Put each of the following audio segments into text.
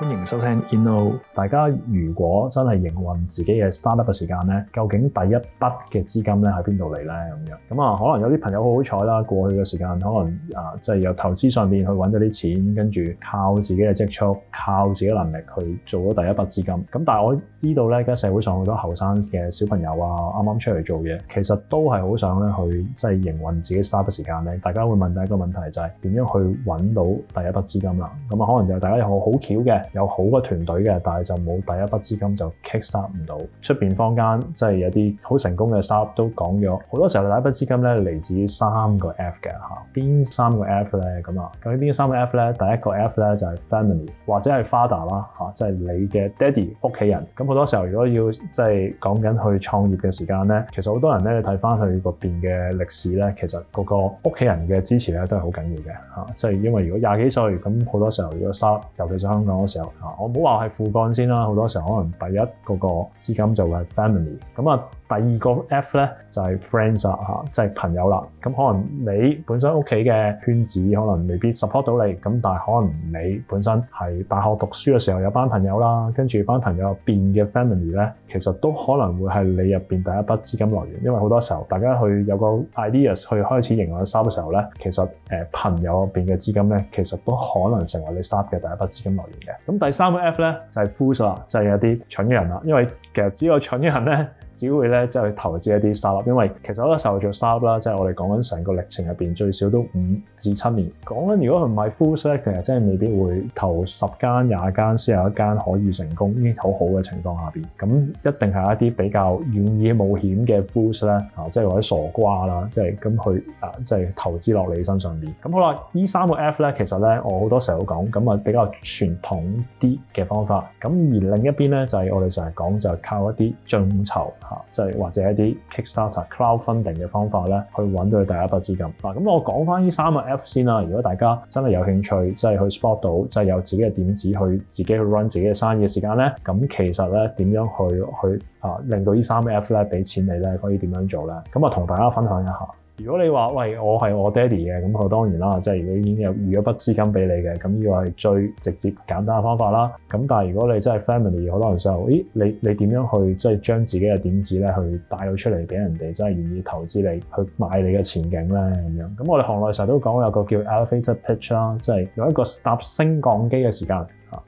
歡迎收聽 InKnow。大家如果真係營運自己嘅 startup 時間咧，究竟第一筆嘅資金咧喺邊度嚟呢？咁樣咁啊，可能有啲朋友好好彩啦，過去嘅時間可能啊，即、呃、係、就是、由投資上面去揾咗啲錢，跟住靠自己嘅積蓄，靠自己能力去做咗第一筆資金。咁但係我知道呢，而家社會上好多後生嘅小朋友啊，啱啱出嚟做嘢，其實都係好想咧去即係營運自己 startup 時間咧。大家會問第一個問題就係、是、點樣去揾到第一筆資金啦？咁啊，可能就大家有好好巧嘅。有好嘅團隊嘅，但係就冇第一筆資金就 kick start 唔到。出邊坊間即係、就是、有啲好成功嘅 startup 都講咗，好多時候第一筆資金咧嚟自於三個 F 嘅嚇。邊三個 F 咧？咁啊，究竟邊三個 F 咧？第一個 F 咧就係、是、family 或者係 father 啦、啊、嚇，即、就、係、是、你嘅 daddy 屋企人。咁好多時候如果要即係、就是、講緊去創業嘅時間咧，其實好多人咧你睇翻佢嗰邊嘅歷史咧，其實個個屋企人嘅支持咧都係好緊要嘅嚇。即、啊、係、就是、因為如果廿幾歲咁好多時候如果 startup 尤其是香港嗰我唔好話係副幹先啦，好多時候可能第一嗰個，個資金就會係 family，咁啊第二個 F 咧就係、是、friends 啦、啊，即係朋友啦。咁可能你本身屋企嘅圈子可能未必 support 到你，咁但係可能你本身係大學讀書嘅時候有班朋友啦，跟住班朋友變嘅 family 咧，其實都可能會係你入邊第一筆資金來源，因為好多時候大家去有個 ideas 去開始營運嘅時候咧，其實誒朋友入邊嘅資金咧，其實都可能成為你 start 嘅第一筆資金來源嘅。咁第三個呢、就是、F 咧就係 fools，就係有啲蠢嘅人啦，因為其實只有蠢嘅人咧。只會咧，即係去投資一啲 startup 因為其實好多時候做 startup 啦，即係我哋講緊成個歷程入邊最少都五至七年，講緊如果佢唔係 fools 咧，其實真係未必會，投十間廿間先有一間可以成功，已經好好嘅情況下邊。咁一定係一啲比較願意冒險嘅 fools 咧，啊，即係或者傻瓜啦，即係咁去，啊，即係投資落你身上邊。咁好啦，呢三個 F 咧，其實咧我好多時候講咁，啊比較傳統啲嘅方法。咁而另一邊咧就係、是、我哋成日講就係靠一啲眾籌。啊，就係或者一啲 Kickstarter、Crowdfunding 嘅方法咧，去揾到佢第一筆資金。嗱，咁我講翻依三個 F 先啦。如果大家真係有興趣，即係去 spot 到，即係有自己嘅點子去自己去 run 自己嘅生意嘅時間咧，咁其實咧點樣去去啊令到依三個 F 咧俾錢你咧，可以點樣做咧？咁我同大家分享一下。如果你話喂，我係我爹哋嘅，咁我當然啦，即係如果已經有預咗筆資金俾你嘅，咁呢個係最直接簡單嘅方法啦。咁但係如果你真係 family，好多人就，咦，你你點樣去即係將自己嘅點子咧，去帶到出嚟俾人哋，真係願意投資你，去買你嘅前景咧咁樣。咁我哋行內成日都講有個叫 elevator pitch 啦，即係有一個搭升降機嘅時間。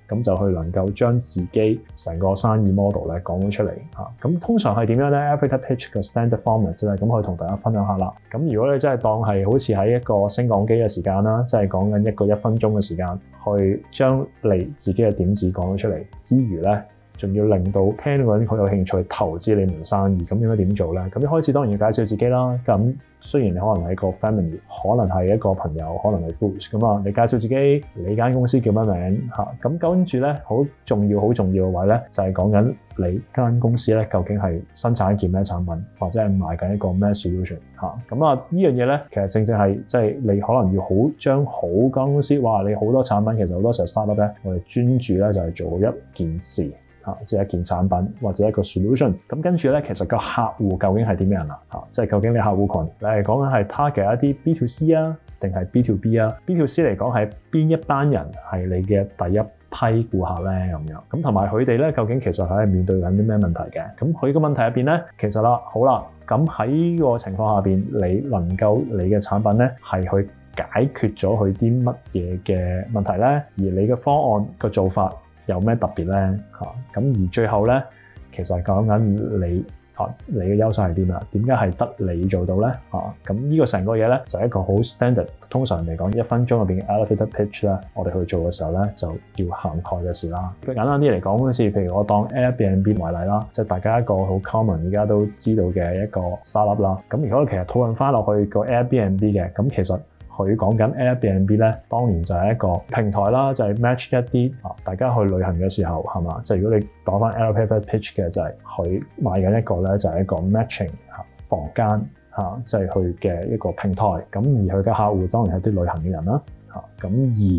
咁就去能夠將自己成個生意 model 咧講咗出嚟。啊，咁通常係點樣咧？Elevator pitch 嘅 standard format 咧，咁可以同大家分享下啦。咁如果你真係當係好似喺一個升降機嘅時間啦，即係講緊一個一分鐘嘅時間，去將你自己嘅點子講咗出嚟之餘咧，仲要令到聽到人好有興趣投資你門生意，咁應該點做咧？咁一開始當然要介紹自己啦。咁雖然你可能係一個 family，可能係一個朋友，可能係 fools 咁啊。你介紹自己，你間公司叫乜名嚇？咁跟住呢，好重要，好重要嘅位咧，就係、是、講緊你間公司咧，究竟係生產一件咩產品，或者係賣緊一個咩 solution 嚇？咁啊，呢樣嘢咧，其實正正係即係你可能要好將好間公司哇，你好多產品其實好多時候 startup 咧，up，我哋專注咧就係做一件事。嚇，即係一件產品或者一個 solution。咁跟住咧，其實個客戶究竟係點樣啊？嚇，即係究竟你客戶群，你係講緊係 target 一啲 B to C 啊，定係 B to B 啊？B to C 嚟講係邊一班人係你嘅第一批顧客咧？咁樣，咁同埋佢哋咧，究竟其實係面對緊啲咩問題嘅？咁佢個問題入邊咧，其實啦，好啦，咁喺個情況下邊，你能夠你嘅產品咧係去解決咗佢啲乜嘢嘅問題咧？而你嘅方案個做法。有咩特別咧？嚇、啊、咁而最後咧，其實講緊你嚇、啊、你嘅優勢係點啊？點解係得你做到咧？嚇、啊、咁呢個成個嘢咧，就係、是、一個好 standard。通常嚟講，一分鐘入邊 elevator pitch 咧，我哋去做嘅時候咧，就要涵蓋嘅事啦。簡單啲嚟講嘅事，譬如我當 Airbnb 為例啦，即、就、係、是、大家一個好 common，而家都知道嘅一個 start-up 啦。咁如果其實討論翻落去、那個 Airbnb 嘅，咁其實佢講緊 Airbnb 咧，當年就係一個平台啦，就係、是、match 一啲啊，大家去旅行嘅時候係嘛，即係如果你講翻 Airbnb pitch 嘅就係佢買緊一個咧就係一個 matching 房間嚇，即係佢嘅一個平台，咁而佢嘅客戶當然係啲旅行嘅人啦嚇，咁、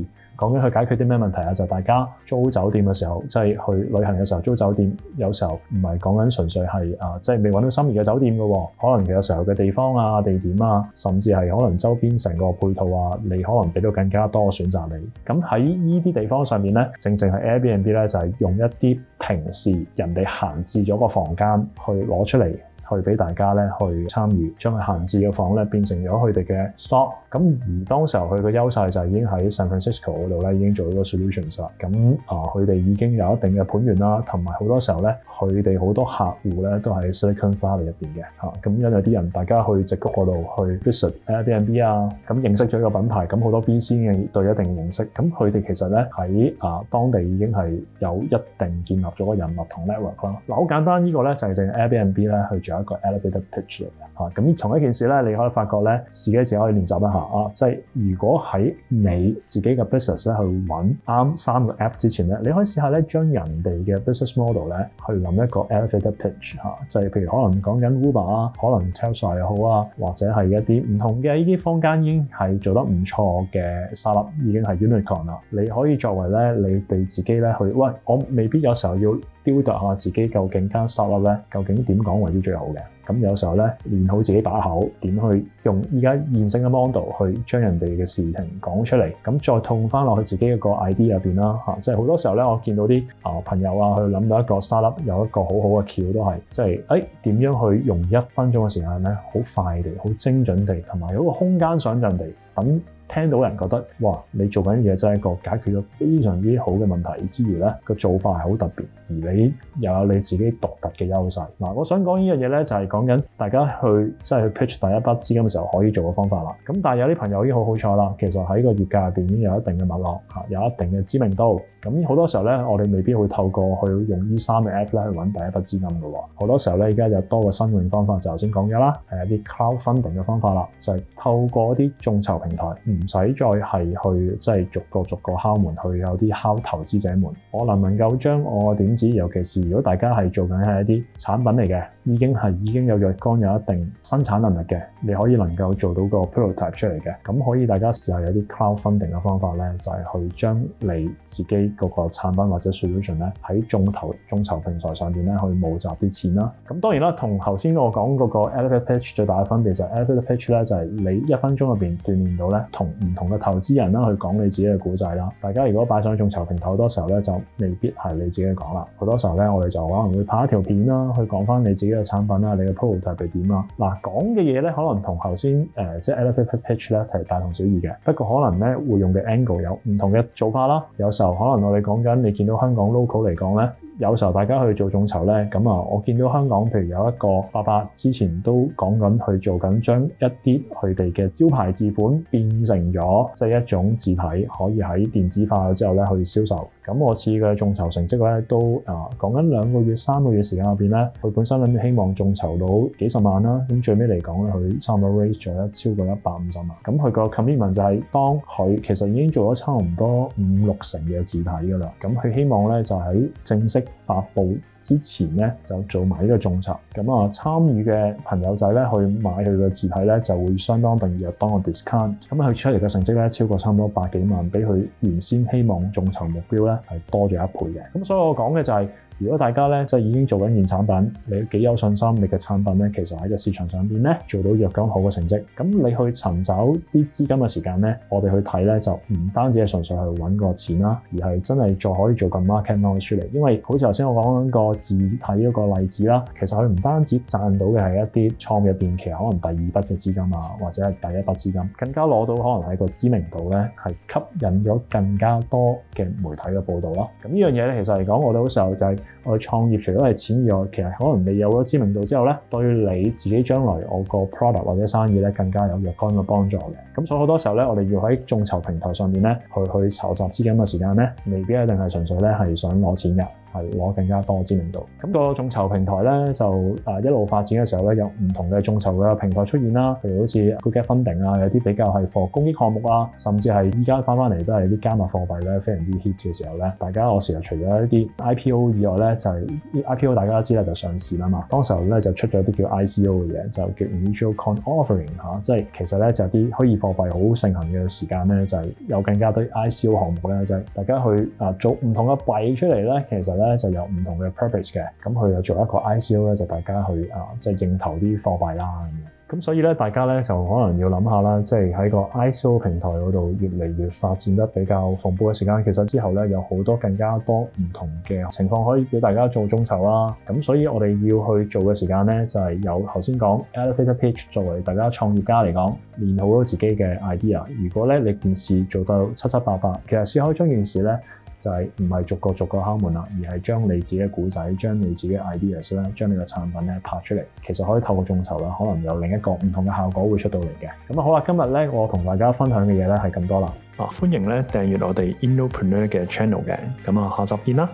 啊、而。講緊去解決啲咩問題啊？就大家租酒店嘅時候，即係去旅行嘅時候租酒店，有時候唔係講緊純粹係啊，即係未揾到心儀嘅酒店嘅喎。可能其實時候嘅地方啊、地點啊，甚至係可能周邊成個配套啊，你可能俾到更加多嘅選擇你。咁喺呢啲地方上面咧，正正係 Airbnb 咧，就係用一啲平時人哋閒置咗個房間去攞出嚟，去俾大家咧去參與，將佢閒置嘅房咧變成咗佢哋嘅 shop。咁而當時候佢個優勢就已經喺 San Francisco 嗰度咧，已經做咗個 solutions 啦。咁啊，佢哋已經有一定嘅盤源啦，同埋好多時候咧，佢哋好多客戶咧都喺 Silicon Valley 入邊嘅嚇。咁、啊、因為啲人大家去直谷嗰度去 visit Airbnb 啊，咁、啊啊、認識咗個品牌，咁、啊、好多 B 先嘅對一定嘅認識。咁佢哋其實咧喺啊當地已經係有一定建立咗個人脈同 network 啦。嗱、啊，好簡單，這個、呢個咧就係、是、淨係 Airbnb 咧去做一個 elevator pitch 嚟嘅嚇。咁、啊啊、同一件事咧，你可以發覺咧，自己自己自己可以練習一下。啊，即係如果喺你自己嘅 business 咧去揾啱三個 F 之前咧，你可以試下咧將人哋嘅 business model 咧去諗一個 elevator pitch 嚇，就係譬如可能講緊 Uber 啊，可能 Tesla 又好啊，或者係一啲唔同嘅呢啲坊間已經係做得唔錯嘅 start-up 已經係 unicorn 啦，你可以作為咧你哋自己咧去喂，我未必有時候要。雕琢下自己，究竟間 start up 呢，究竟點講為之最好嘅？咁有時候呢，練好自己把口，點去用而家現成嘅 model 去將人哋嘅事情講出嚟，咁再痛翻落去自己嗰個 idea 入邊啦嚇、啊。即係好多時候呢，我見到啲啊、呃、朋友啊去諗到一個 start up 有一個好好嘅橋，都係即係誒點樣去用一分鐘嘅時間呢？好快地、好精準地同埋有個空間想陣地等。聽到人覺得哇，你做緊嘢真係一個解決咗非常之好嘅問題之餘，呢個做法係好特別，而你又有你自己獨特嘅優勢。呃，我想講呢樣嘢咧，就係、是、講緊大家去即係去 pitch 第一筆資金嘅時候可以做嘅方法啦。咁但係有啲朋友已經好好彩啦，其實喺個業界入邊已經有一定嘅脈絡，有一定嘅知名度。咁好多時候咧，我哋未必會透過去用呢三個 F 去揾第一筆資金㗎喎。好多時候咧，而家有多個新穎方法，頭先講咗啦，係一啲 crowdfunding 嘅方法啦，就係、是、透過一啲眾籌平台，唔使再係去逐個逐個敲門去有啲敲投資者門，我能不能夠將我嘅點子，尤其是如果大家係做緊係一啲產品嚟嘅。已經係已經有若干有一定生產能力嘅，你可以能夠做到個 prototype 出嚟嘅，咁可以大家試下有啲 crowdfunding 嘅方法咧，就係去將你自己嗰個產品或者 solution 咧，喺眾投眾籌平台上面咧去募集啲錢啦。咁當然啦，同頭先我講嗰個 elevator pitch 最大嘅分別就係 elevator pitch 咧就係你一分鐘入邊鍛鍊到咧，同唔同嘅投資人啦去講你自己嘅故仔啦。大家如果擺上眾籌平台好多時候咧就未必係你自己講啦，好多時候咧我哋就可能會拍一條片啦去講翻你自己。呢個產品啦，你嘅 prototype 係點啊？嗱、這個啊，講嘅嘢咧，可能同頭先誒即係、e、elephant pitch 咧係大同小異嘅，不過可能咧會用嘅 angle 有唔同嘅做法啦。有時候可能我哋講緊，你見到香港 local 嚟講咧。有時候大家去做眾籌咧，咁啊，我見到香港譬如有一個爸爸之前都講緊去做緊，將一啲佢哋嘅招牌字款變成咗即係一種字體，可以喺電子化咗之後咧去銷售。咁我次嘅眾籌成績咧，都啊講緊兩個月、三個月時間入邊咧，佢本身諗住希望眾籌到幾十萬啦、啊，咁最尾嚟講咧，佢差唔多 raise 咗超過一百五十萬。咁佢個 commitment 就係、是、當佢其實已經做咗差唔多五六成嘅字體噶啦，咁佢希望咧就喺正式。發布之前咧就做埋呢個眾籌，咁啊參與嘅朋友仔咧去買佢嘅字體咧就會相當定義當個 discount，咁佢出嚟嘅成績咧超過差唔多百幾萬，比佢原先希望眾籌目標咧係多咗一倍嘅，咁所以我講嘅就係、是。如果大家咧就已經做緊件產品，你幾有，有信心你嘅產品咧其實喺個市場上邊咧做到若干好嘅成績，咁你去尋找啲資金嘅時間咧，我哋去睇咧就唔單止係純粹去揾個錢啦，而係真係再可以做個 market line 出嚟。因為好似頭先我講緊個字體嗰個例子啦，其實佢唔單止賺到嘅係一啲創業入邊，其實可能第二筆嘅資金啊，或者係第一筆資金，更加攞到可能係個知名度咧，係吸引咗更加多嘅媒體嘅報導啦。咁呢樣嘢咧，其實嚟講我哋好時候就係、是。我創業除咗係錢以外，其實可能你有咗知名度之後咧，對你自己將來我個 product 或者生意咧更加有若干嘅幫助嘅。咁所以好多時候咧，我哋要喺眾籌平台上面咧去去籌集資金嘅時間咧，未必一定係純粹咧係想攞錢嘅。係攞更加多嘅知名度，咁、那個眾籌平台咧就誒、啊、一路發展嘅時候咧，有唔同嘅眾籌嘅平台出現啦，譬如好似 GoFundMe 啊，有啲比較係 for 公益項目啊，甚至係依家翻翻嚟都係啲加密貨幣咧，非常之 hit 嘅時候咧，大家有時候除咗一啲 IPO 以外咧，就係、是、IPO 大家都知道就上市啦嘛，當時候咧就出咗啲叫 ICO 嘅嘢，就叫 Initial Coin Offering 嚇、啊，即係其實咧就啲、是、虛擬貨幣好盛行嘅時間咧，就係、是、有更加多 ICO 項目咧，就係、是、大家去啊做唔同嘅幣出嚟咧，其實咧就有唔同嘅 purpose 嘅，咁佢又做一個 ICO 咧，就大家去啊，即係認投啲貨幣啦咁樣。咁所以咧，大家咧就可能要諗下啦，即係喺個 ICO 平台嗰度越嚟越發展得比較蓬勃嘅時間，其實之後咧有好多更加多唔同嘅情況可以俾大家做眾籌啦。咁所以我哋要去做嘅時間咧，就係、是、有頭先講 elevator pitch 作為大家創業家嚟講練好咗自己嘅 idea。如果咧你件事做到七七八八，其實先開張件事咧。就係唔係逐個逐個敲門啦，而係將你自己嘅故仔、將你自己嘅 ideas 咧、將你嘅產品咧拍出嚟，其實可以透過眾籌啦，可能有另一個唔同嘅效果會出到嚟嘅。咁啊，好啦，今日咧我同大家分享嘅嘢咧係咁多啦。啊，歡迎咧訂閱我哋 Innopreneur 嘅 channel 嘅。咁啊，下集見啦。